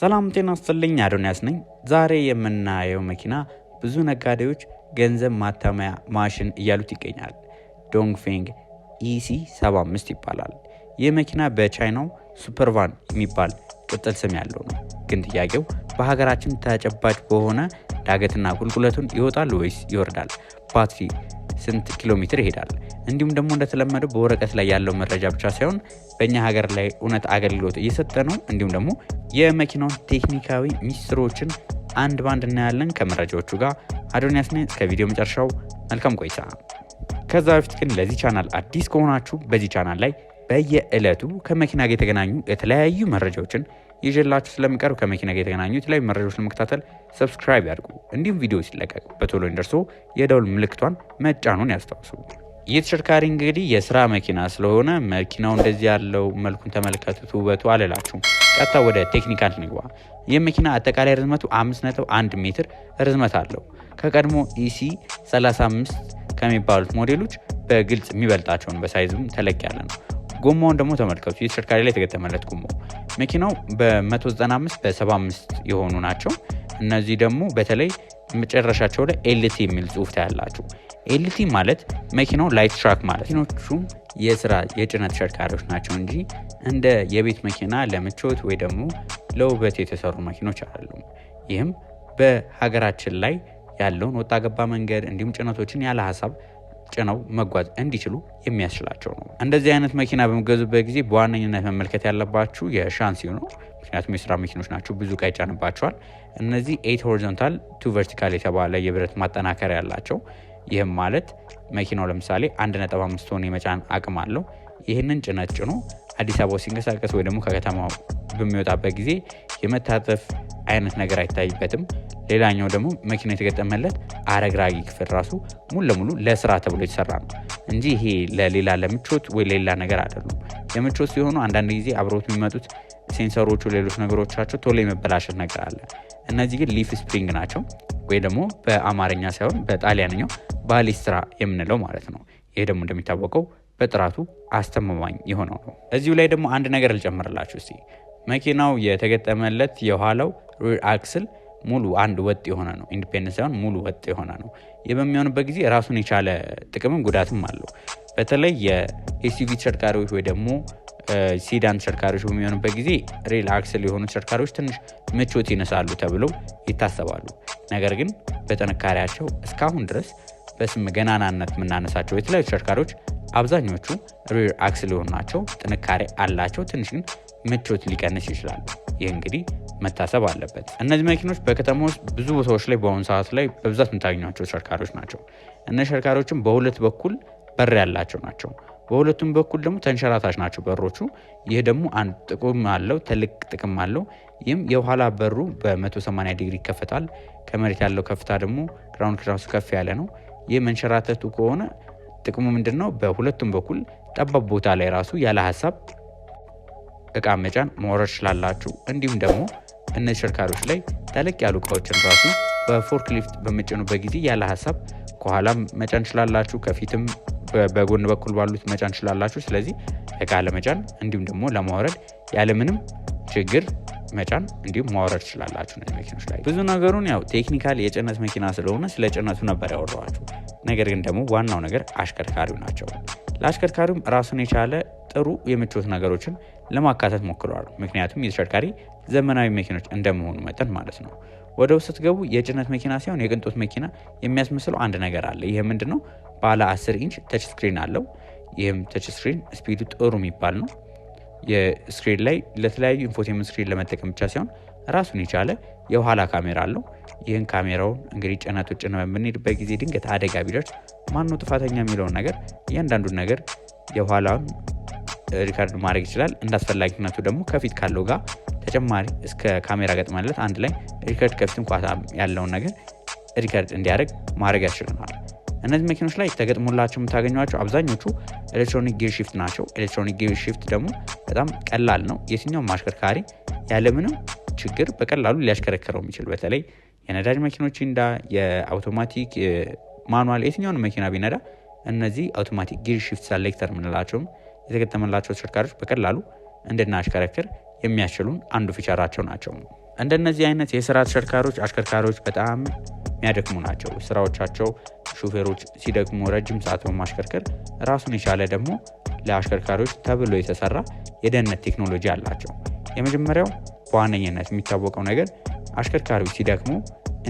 ሰላም ጤና ይስጥልኝ። አዶንያስ ነኝ። ዛሬ የምናየው መኪና ብዙ ነጋዴዎች ገንዘብ ማተሚያ ማሽን እያሉት ይገኛል። ዶንግፌንግ ኢሲ 75 ይባላል። ይህ መኪና በቻይናው ሱፐርቫን የሚባል ቅጥል ስም ያለው ነው። ግን ጥያቄው በሀገራችን ተጨባጭ በሆነ ዳገትና ቁልቁለቱን ይወጣል ወይስ ይወርዳል? ባትሪ ስንት ኪሎ ሜትር ይሄዳል? እንዲሁም ደግሞ እንደተለመደው በወረቀት ላይ ያለው መረጃ ብቻ ሳይሆን በእኛ ሀገር ላይ እውነት አገልግሎት እየሰጠ ነው። እንዲሁም ደግሞ የመኪናውን ቴክኒካዊ ሚስጥሮችን አንድ ባንድ እናያለን ከመረጃዎቹ ጋር። አዶንያስ ነኝ። እስከ ቪዲዮ መጨረሻው መልካም ቆይታ። ከዛ በፊት ግን ለዚህ ቻናል አዲስ ከሆናችሁ በዚህ ቻናል ላይ በየዕለቱ ከመኪና ጋር የተገናኙ የተለያዩ መረጃዎችን ይዤላችሁ ስለሚቀርብ ከመኪና ጋር የተገናኙ የተለያዩ መረጃዎች ለመከታተል ሰብስክራይብ ያድርጉ። እንዲሁም ቪዲዮ ሲለቀቅ በቶሎ እንደርሶ የደውል ምልክቷን መጫኑን ያስታውሱ። ይህ ተሽከርካሪ እንግዲህ የስራ መኪና ስለሆነ መኪናው እንደዚህ ያለው መልኩን ተመልከቱት፣ ውበቱ አልላችሁም። ቀጥታ ወደ ቴክኒካል ንግባ። ይህ መኪና አጠቃላይ ርዝመቱ 5.1 ሜትር ርዝመት አለው። ከቀድሞ ኢሲ 35 ከሚባሉት ሞዴሎች በግልጽ የሚበልጣቸውን በሳይዝም ተለቅ ያለ ነው። ጎማውን ደግሞ ተመልከቱ። ይህ ተሽከርካሪ ላይ የተገጠመለት ጎማ መኪናው በ195 በ75 የሆኑ ናቸው። እነዚህ ደግሞ በተለይ መጨረሻቸው ላይ ኤልቲ የሚል ጽሁፍታ ታያላችሁ። ኤልቲ ማለት መኪናው ላይት ትራክ ማለት መኪኖቹም የስራ የጭነት ተሽከርካሪዎች ናቸው እንጂ እንደ የቤት መኪና ለምቾት ወይ ደግሞ ለውበት የተሰሩ መኪኖች አሉ ይህም በሀገራችን ላይ ያለውን ወጣ ገባ መንገድ እንዲሁም ጭነቶችን ያለ ሀሳብ ጭነው መጓዝ እንዲችሉ የሚያስችላቸው ነው። እንደዚህ አይነት መኪና በሚገዙበት ጊዜ በዋነኝነት መመልከት ያለባችሁ የሻንሲው ነው። ምክንያቱም የስራ መኪኖች ናቸው፣ ብዙ እቃ ይጫንባቸዋል። እነዚህ ኤት ሆሪዞንታል ቱ ቨርቲካል የተባለ የብረት ማጠናከሪያ ያላቸው ይህም ማለት መኪናው ለምሳሌ 1.5 ቶን የመጫን አቅም አለው። ይህንን ጭነት ጭኖ አዲስ አበባ ሲንቀሳቀስ ወይ ደግሞ ከከተማ በሚወጣበት ጊዜ የመታጠፍ አይነት ነገር አይታይበትም። ሌላኛው ደግሞ መኪና የተገጠመለት አረግራጊ ክፍል ራሱ ሙሉ ለሙሉ ለስራ ተብሎ የተሰራ ነው እንጂ ይሄ ለሌላ ለምቾት ወይ ሌላ ነገር አይደሉም። ለምቾት ሲሆኑ አንዳንድ ጊዜ አብሮት የሚመጡት ሴንሰሮቹ፣ ሌሎች ነገሮቻቸው ቶሎ የመበላሸት ነገር አለ። እነዚህ ግን ሊፍ ስፕሪንግ ናቸው ወይ ደግሞ በአማርኛ ሳይሆን በጣሊያንኛው ባሊስትራ የምንለው ማለት ነው። ይሄ ደግሞ እንደሚታወቀው በጥራቱ አስተማማኝ የሆነው ነው። እዚሁ ላይ ደግሞ አንድ ነገር ልጨምርላችሁ እስቲ። መኪናው የተገጠመለት የኋላው ሪር አክስል ሙሉ አንድ ወጥ የሆነ ነው። ኢንዲፔንደንት ሳይሆን ሙሉ ወጥ የሆነ ነው። ይህ በሚሆንበት ጊዜ ራሱን የቻለ ጥቅምም ጉዳትም አለው። በተለይ የኤስዩቪ ተሽከርካሪዎች ወይ ደግሞ ሲዳን ተሽከርካሪዎች በሚሆኑበት ጊዜ ሬል አክስል የሆኑ ተሽከርካሪዎች ትንሽ ምቾት ይነሳሉ ተብለው ይታሰባሉ። ነገር ግን በጥንካሬያቸው እስካሁን ድረስ በስም ገናናነት የምናነሳቸው የተለያዩ ተሽከርካሪዎች አብዛኞቹ ሬር አክስል የሆኑ ናቸው። ጥንካሬ አላቸው፣ ትንሽ ግን ምቾት ሊቀንስ ይችላል። ይህ እንግዲህ መታሰብ አለበት። እነዚህ መኪኖች በከተማ ውስጥ ብዙ ቦታዎች ላይ በአሁኑ ሰዓት ላይ በብዛት የምታገኟቸው ተሽከርካሪዎች ናቸው። እነ ተሽከርካሪዎችም በሁለት በኩል በር ያላቸው ናቸው። በሁለቱም በኩል ደግሞ ተንሸራታች ናቸው በሮቹ። ይህ ደግሞ አንድ ጥቅም አለው፣ ትልቅ ጥቅም አለው። ይህም የኋላ በሩ በ180 ዲግሪ ይከፈታል። ከመሬት ያለው ከፍታ ደግሞ ግራውንድ ክራሱ ከፍ ያለ ነው። ይህ መንሸራተቱ ከሆነ ጥቅሙ ምንድን ነው? በሁለቱም በኩል ጠባብ ቦታ ላይ ራሱ ያለ ሀሳብ እቃ መጫን መውረድ ችላላችሁ። እንዲሁም ደግሞ እነዚህ ተሽከርካሪዎች ላይ ተለቅ ያሉ እቃዎችን ራሱ በፎርክሊፍት በመጭኑበት ጊዜ ያለ ሀሳብ ከኋላም መጫን ችላላችሁ ከፊትም በጎን በኩል ባሉት መጫን ችላላችሁ ስለዚህ እቃ ለመጫን እንዲሁም ደግሞ ለማውረድ ያለምንም ችግር መጫን እንዲሁም ማውረድ ትችላላችሁ። እነዚህ መኪኖች ላይ ብዙ ነገሩን ያው ቴክኒካል የጭነት መኪና ስለሆነ ስለ ጭነቱ ነበር ያወራኋችሁ። ነገር ግን ደግሞ ዋናው ነገር አሽከርካሪው ናቸው። ለአሽከርካሪውም ራሱን የቻለ ጥሩ የምቾት ነገሮችን ለማካተት ሞክረዋል። ምክንያቱም የተሽከርካሪ ዘመናዊ መኪኖች እንደመሆኑ መጠን ማለት ነው። ወደ ውስጥ ስትገቡ የጭነት መኪና ሲሆን የቅንጦት መኪና የሚያስመስለው አንድ ነገር አለ። ይህ ምንድን ነው? ባለ 10 ኢንች ተች ስክሪን አለው። ይህም ተች ስክሪን ስፒዱ ጥሩ የሚባል ነው። የስክሪን ላይ ለተለያዩ ኢንፎቴመንት ስክሪን ለመጠቀም ብቻ ሲሆን ራሱን የቻለ የኋላ ካሜራ አለው። ይህን ካሜራውን እንግዲህ ጭነት ጭነ በምንሄድበት ጊዜ ድንገት አደጋ ቢደርስ ማነው ጥፋተኛ የሚለውን ነገር እያንዳንዱን ነገር የኋላውን ሪካርድ ማድረግ ይችላል። እንዳስፈላጊነቱ ደግሞ ከፊት ካለው ጋር ተጨማሪ እስከ ካሜራ ገጥመለት አንድ ላይ ሪከርድ ከፊትም ኳሳ ያለውን ነገር ሪከርድ እንዲያደርግ ማድረግ ያስችልናል። እነዚህ መኪኖች ላይ ተገጥሞላቸው የምታገኟቸው አብዛኞቹ ኤሌክትሮኒክ ጊር ሺፍት ናቸው። ኤሌክትሮኒክ ጊር ሺፍት ደግሞ በጣም ቀላል ነው። የትኛውም አሽከርካሪ ያለምንም ችግር በቀላሉ ሊያሽከረክረው የሚችል በተለይ የነዳጅ መኪኖች እንዳ የአውቶማቲክ ማኑዋል የትኛውን መኪና ቢነዳ እነዚህ አውቶማቲክ ጊር ሺፍት ሰሌክተር የምንላቸውም የተገጠመላቸው ተሽከርካሪዎች በቀላሉ እንድናሽከረክር የሚያስችሉን አንዱ ፊቸራቸው ናቸው። እንደነዚህ አይነት የስራ ተሽከርካሪዎች አሽከርካሪዎች በጣም የሚያደክሙ ናቸው። ስራዎቻቸው ሹፌሮች ሲደክሙ ረጅም ሰዓት በማሽከርከር ራሱን የቻለ ደግሞ ለአሽከርካሪዎች ተብሎ የተሰራ የደህንነት ቴክኖሎጂ አላቸው። የመጀመሪያው በዋነኝነት የሚታወቀው ነገር አሽከርካሪዎች ሲደክሙ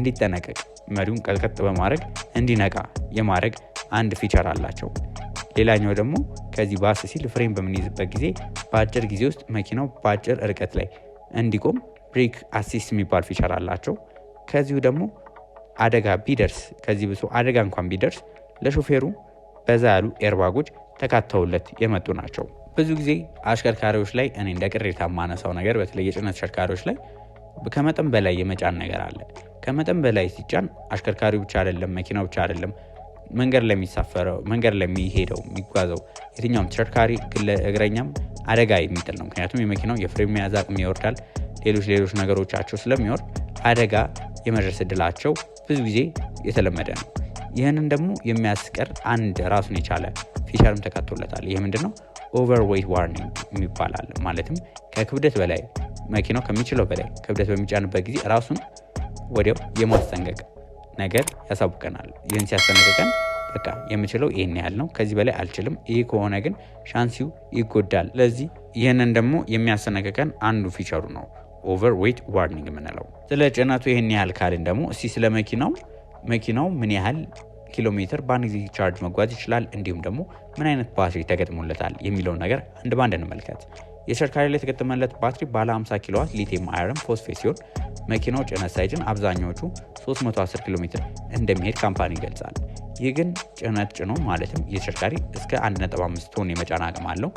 እንዲጠነቀቅ መሪውን ቀጥቀጥ በማድረግ እንዲነቃ የማድረግ አንድ ፊቸር አላቸው። ሌላኛው ደግሞ ከዚህ ባስ ሲል ፍሬም በምንይዝበት ጊዜ በአጭር ጊዜ ውስጥ መኪናው በአጭር ርቀት ላይ እንዲቆም ብሬክ አሲስት የሚባል ፊቸር አላቸው። ከዚሁ ደግሞ አደጋ ቢደርስ ከዚህ ብሶ አደጋ እንኳን ቢደርስ ለሾፌሩ በዛ ያሉ ኤርባጎች ተካተውለት የመጡ ናቸው። ብዙ ጊዜ አሽከርካሪዎች ላይ እኔ እንደ ቅሬታ የማነሳው ነገር በተለይ የጭነት አሽከርካሪዎች ላይ ከመጠን በላይ የመጫን ነገር አለ። ከመጠን በላይ ሲጫን አሽከርካሪው ብቻ አይደለም፣ መኪናው ብቻ አይደለም፣ መንገድ ለሚሳፈረው መንገድ ለሚሄደው የሚጓዘው የትኛውም ተሽከርካሪ እግረኛም አደጋ የሚጥል ነው። ምክንያቱም የመኪናው የፍሬም መያዝ አቅም ይወርዳል። ሌሎች ሌሎች ነገሮቻቸው ስለሚወርድ አደጋ የመድረስ እድላቸው ብዙ ጊዜ የተለመደ ነው። ይህንን ደግሞ የሚያስቀር አንድ ራሱን የቻለ ፊቸርም ተካቶለታል። ይህ ምንድነው ነው? ኦቨርዌይት ዋርኒንግ የሚባላል ማለትም ከክብደት በላይ መኪናው ከሚችለው በላይ ክብደት በሚጫንበት ጊዜ ራሱን ወዲያው የማስጠንቀቅ ነገር ያሳውቀናል። ይህን ሲያስጠነቅቀን በቃ የምችለው ይህን ያህል ነው፣ ከዚህ በላይ አልችልም። ይህ ከሆነ ግን ሻንሲው ይጎዳል። ስለዚህ ይህንን ደግሞ የሚያስጠነቅቀን አንዱ ፊቸሩ ነው፣ ኦቨር ዌይት ዋርኒንግ የምንለው። ስለ ጭነቱ ይህን ያህል ካልን ደግሞ እስቲ ስለ መኪናው መኪናው ምን ያህል ኪሎ ሜትር በአንድ ጊዜ ቻርጅ መጓዝ ይችላል፣ እንዲሁም ደግሞ ምን አይነት ባትሪ ተገጥሞለታል የሚለውን ነገር አንድ ባንድ እንመልከት። የተሽከርካሪ ላይ የተገጠመለት ባትሪ ባለ 50 ኪሎዋት ሊቲየም አይረን ፎስፌት ሲሆን መኪናው ጭነት ሳይጭን አብዛኛዎቹ 310 ኪሎ ሜትር እንደሚሄድ ካምፓኒ ይገልጻል። ይህ ግን ጭነት ጭኖ ማለትም የተሽከርካሪ እስከ 1.5 ቶን የመጫን አቅም አለው።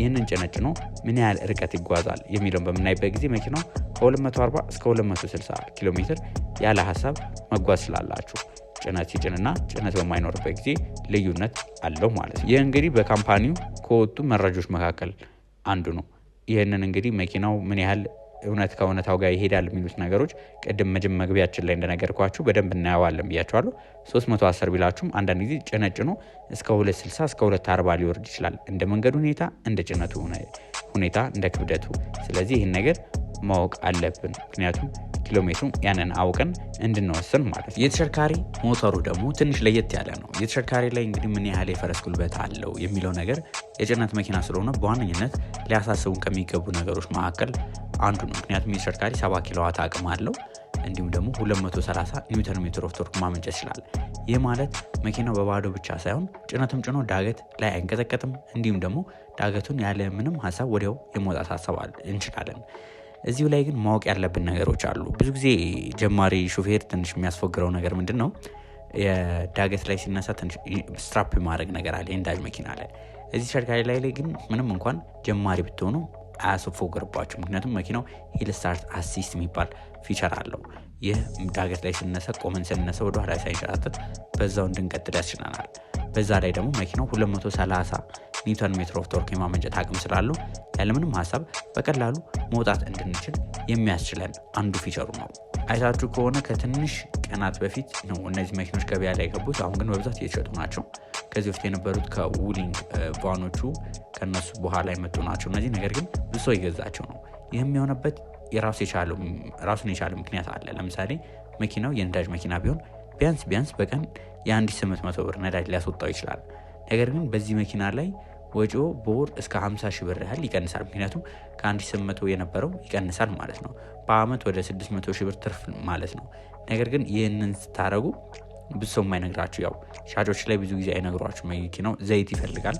ይህንን ጭነት ጭኖ ምን ያህል ርቀት ይጓዛል የሚለውን በምናይበት ጊዜ መኪናው ከ240 እስከ 260 ኪሎ ሜትር ያለ ሀሳብ መጓዝ ስላላችሁ ጭነት ሲጭንና ጭነት በማይኖርበት ጊዜ ልዩነት አለው ማለት ነው። ይህ እንግዲህ በካምፓኒው ከወጡ መረጃዎች መካከል አንዱ ነው። ይህንን እንግዲህ መኪናው ምን ያህል እውነት ከእውነታው ጋር ይሄዳል የሚሉት ነገሮች ቅድም ምጅም መግቢያችን ላይ እንደነገርኳችሁ በደንብ እናየዋለን ብያቸዋሉ 310 ቢላችሁም አንዳንድ ጊዜ ጭነጭኖ እስከ 260 እስከ 240 ሊወርድ ይችላል፣ እንደ መንገዱ ሁኔታ፣ እንደ ጭነቱ ሁኔታ፣ እንደ ክብደቱ። ስለዚህ ይህን ነገር ማወቅ አለብን። ምክንያቱም ኪሎ ሜትሩ ያንን አውቀን እንድንወስን ማለት ነው። የተሸርካሪ ሞተሩ ደግሞ ትንሽ ለየት ያለ ነው። የተሸርካሪ ላይ እንግዲህ ምን ያህል የፈረስ ጉልበት አለው የሚለው ነገር የጭነት መኪና ስለሆነ በዋነኝነት ሊያሳስቡን ከሚገቡ ነገሮች መካከል አንዱ ነው። ምክንያቱም የተሸርካሪ 7 ኪሎዋት አቅም አለው እንዲሁም ደግሞ 230 ኒውተን ሜትር ኦፍ ቶርክ ማመንጨት ይችላል። ይህ ማለት መኪናው በባዶ ብቻ ሳይሆን ጭነትም ጭኖ ዳገት ላይ አይንቀጠቀጥም። እንዲሁም ደግሞ ዳገቱን ያለ ምንም ሀሳብ ወዲያው የመውጣት ሀሳብ እንችላለን። እዚሁ ላይ ግን ማወቅ ያለብን ነገሮች አሉ። ብዙ ጊዜ ጀማሪ ሹፌር ትንሽ የሚያስፎግረው ነገር ምንድን ነው? የዳገት ላይ ሲነሳ ትንሽ ስትራፕ ማድረግ ነገር አለ የነዳጅ መኪና ላይ። እዚህ ተሽከርካሪ ላይ ላይ ግን ምንም እንኳን ጀማሪ ብትሆኑ አያስፎግርባችሁ። ምክንያቱም መኪናው ሂል ስታርት አሲስት የሚባል ፊቸር አለው። ይህ ዳገት ላይ ስንነሳ ቆመን ስንነሳ ወደ ኋላ ሳይንሸራተት በዛው እንድንቀጥል ያስችለናል። በዛ ላይ ደግሞ መኪናው 230 ኒውተን ሜትር ኦፍ ቶርክ የማመንጨት አቅም ስላለው ያለምንም ሀሳብ በቀላሉ መውጣት እንድንችል የሚያስችለን አንዱ ፊቸሩ ነው። አይታችሁ ከሆነ ከትንሽ ቀናት በፊት ነው እነዚህ መኪኖች ገበያ ላይ የገቡት። አሁን ግን በብዛት እየተሸጡ ናቸው። ከዚህ በፊት የነበሩት ከውሊንግ ቫኖቹ ከነሱ በኋላ የመጡ ናቸው እነዚህ። ነገር ግን ብዙ ሰው እየገዛቸው ነው። ይህም የሆነበት ራሱን የቻለ ምክንያት አለ። ለምሳሌ መኪናው የነዳጅ መኪና ቢሆን ቢያንስ ቢያንስ በቀን የ1800 ብር ነዳጅ ሊያስወጣው ይችላል። ነገር ግን በዚህ መኪና ላይ ወጪ በወር እስከ 50 ሺህ ብር ያህል ይቀንሳል። ምክንያቱም ከ1800 የነበረው ይቀንሳል ማለት ነው። በአመት ወደ 600 ሺህ ብር ትርፍ ማለት ነው። ነገር ግን ይህንን ስታደረጉ ብዙ ሰው የማይነግራችሁ ያው ሻጮች ላይ ብዙ ጊዜ አይነግሯችሁ። መኪናው ዘይት ይፈልጋል፣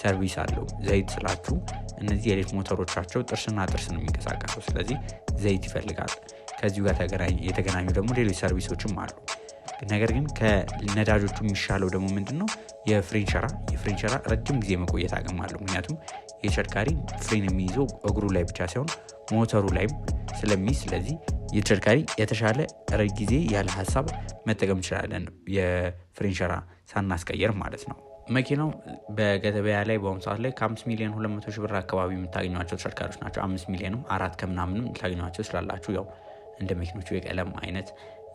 ሰርቪስ አለው። ዘይት ስላችሁ እነዚህ የሌት ሞተሮቻቸው ጥርስና ጥርስ ነው የሚንቀሳቀሰው። ስለዚህ ዘይት ይፈልጋል። ከዚሁ ጋር የተገናኙ ደግሞ ሌሎች ሰርቪሶችም አሉ። ነገር ግን ከነዳጆቹ የሚሻለው ደግሞ ምንድን ነው? የፍሬን ሸራ። የፍሬን ሸራ ረጅም ጊዜ መቆየት አቅም ምክንያቱም የተሽከርካሪ ፍሬን የሚይዘው እግሩ ላይ ብቻ ሳይሆን ሞተሩ ላይም ስለሚይዝ፣ ስለዚህ የተሽከርካሪ የተሻለ ጊዜ ያለ ሀሳብ መጠቀም እንችላለን፣ የፍሬን ሸራ ሳናስቀየር ማለት ነው። መኪናው በገበያ ላይ በአሁኑ ሰዓት ላይ ከአምስት ሚሊዮን ሁለት መቶ ብር አካባቢ የምታገኟቸው ተሽከርካሪዎች ናቸው። አምስት ሚሊዮንም አራት ከምናምንም ልታገኟቸው ስላላችሁ ያው እንደ መኪኖቹ የቀለም አይነት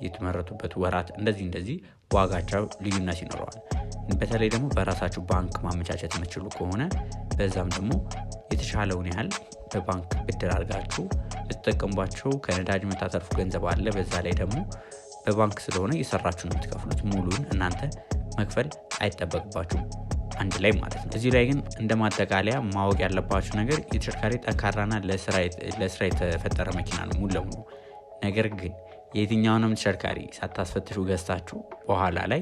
የተመረቱበት ወራት እንደዚህ እንደዚህ ዋጋቸው ልዩነት ይኖረዋል። በተለይ ደግሞ በራሳችሁ ባንክ ማመቻቸት የምትችሉ ከሆነ በዛም ደግሞ የተሻለውን ያህል በባንክ ብድር አድርጋችሁ ልትጠቀምባቸው ከነዳጅ መታተርፉ ገንዘብ አለ። በዛ ላይ ደግሞ በባንክ ስለሆነ የሰራችሁን የምትከፍሉት። ሙሉን እናንተ መክፈል አይጠበቅባችሁም አንድ ላይ ማለት ነው። እዚህ ላይ ግን እንደ ማጠቃለያ ማወቅ ያለባችሁ ነገር የተሽከርካሪ ጠንካራና ለስራ የተፈጠረ መኪና ነው ሙሉ ለሙሉ ነገር ግን የትኛውንም ተሽከርካሪ ሳታስፈትሹ ገዝታችሁ በኋላ ላይ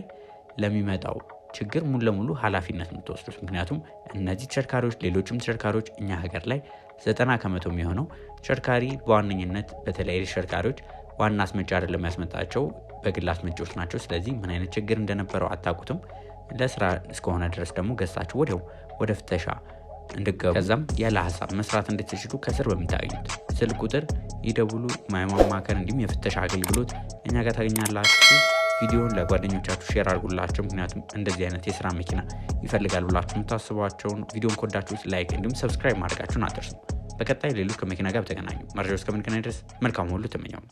ለሚመጣው ችግር ሙሉ ለሙሉ ኃላፊነት የምትወስዱት። ምክንያቱም እነዚህ ተሽከርካሪዎች፣ ሌሎችም ተሽከርካሪዎች እኛ ሀገር ላይ ዘጠና ከመቶ የሚሆነው ተሽከርካሪ በዋነኝነት በተለያዩ ተሽከርካሪዎች ዋና አስመጫ አደለ የሚያስመጣቸው በግል አስመጪዎች ናቸው። ስለዚህ ምን አይነት ችግር እንደነበረው አታቁትም ለስራ እስከሆነ ድረስ ደግሞ ገዝታችሁ ወዲያው ወደ ፍተሻ እንድገቡ ከዛም ያለ ሀሳብ መስራት እንድትችሉ ከስር በሚታዩት ስልክ ቁጥር ይደውሉ። ማማከር እንዲሁም የፍተሻ አገልግሎት እኛ ጋር ታገኛላችሁ። ቪዲዮን ለጓደኞቻችሁ ሼር አድርጉላቸው። ምክንያቱም እንደዚህ አይነት የስራ መኪና ይፈልጋል ብላችሁ የምታስቧቸውን ቪዲዮን ከወዳችሁት ላይክ እንዲሁም ሰብስክራይብ ማድረጋችሁን አደርሱ በቀጣይ ሌሎች ከመኪና ጋር በተገናኙ መረጃ ውስጥ እስከምንገናኝ ድረስ መልካም ሁሉ ተመኘው።